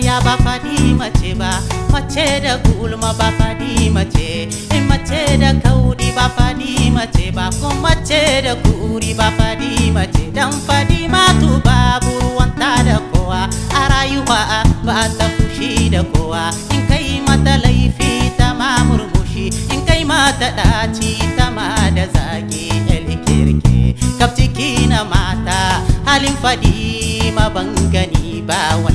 karya ba faɗi mace ba mace da gulma ba faɗi mace in mace da kauri ba faɗi mace ba ko mace da kuri ba faɗi mace dan faɗi matu babu ruwanta da kowa a rayuwa ba ta fushi da kowa in kai mata laifi ta ma murmushi in kai mata ɗaci ta ma da zaki elikirki kaf ciki na mata halin faɗi ma ban gani ba